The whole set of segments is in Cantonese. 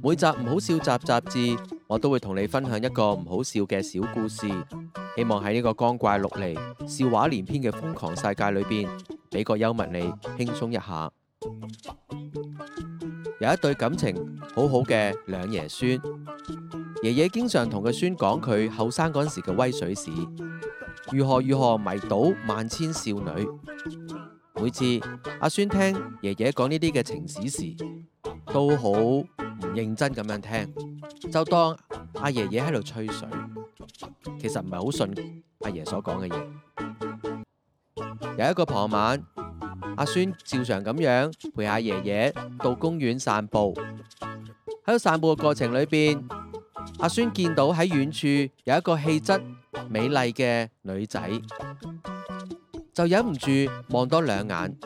每集唔好笑集雜誌，我都會同你分享一個唔好笑嘅小故事。希望喺呢個光怪陸離、笑話連篇嘅瘋狂世界裏邊，俾個幽默你輕鬆一下。有一對感情好好嘅兩爺孫，爺爺經常同佢孫講佢後生嗰陣時嘅威水史，如何如何迷倒萬千少女。每次阿孫聽爺爺講呢啲嘅情史時，都好認真咁樣聽，就當阿爺爺喺度吹水，其實唔係好信阿爺所講嘅嘢。有一個傍晚，阿孫照常咁樣陪阿爺爺到公園散步。喺度散步嘅過程裏邊，阿孫見到喺遠處有一個氣質美麗嘅女仔，就忍唔住望多兩眼。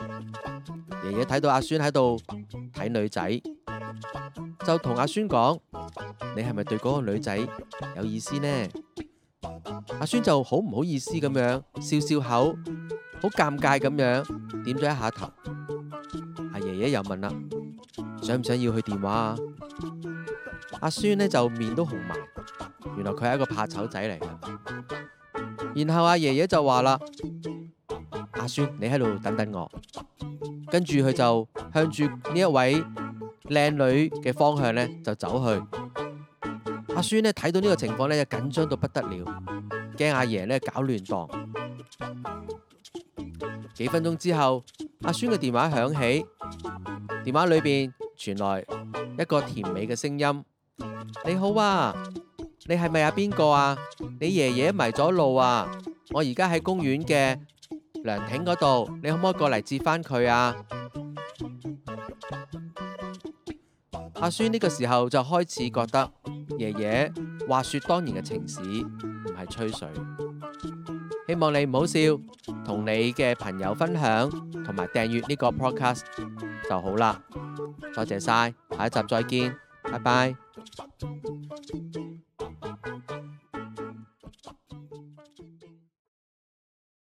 爺爺睇到阿孫喺度睇女仔。就同阿孫講，你係咪對嗰個女仔有意思呢？阿孫就好唔好意思咁樣笑笑口，好尷尬咁樣點咗一下頭。阿爺爺又問啦，想唔想要佢電話啊？阿孫呢就面都紅埋，原來佢係一個怕醜仔嚟嘅。然後阿爺爺就話啦，阿孫你喺度等等我，跟住佢就向住呢一位靚女嘅方向呢就走去，阿孫呢睇到呢個情況呢就緊張到不得了，驚阿爺呢搞亂盪。幾分鐘之後，阿孫嘅電話響起，電話裏面傳來一個甜美嘅聲音：「你好啊，你係咪阿邊個啊？你爺爺迷咗路啊？我而家喺公園嘅涼亭嗰度，你可唔可以過嚟接返佢啊？阿孫呢個時候就開始覺得爺爺話說當年嘅情史唔係吹水，希望你唔好笑，同你嘅朋友分享，同埋訂閱呢個 podcast 就好啦。多謝晒，下一集再見，拜拜。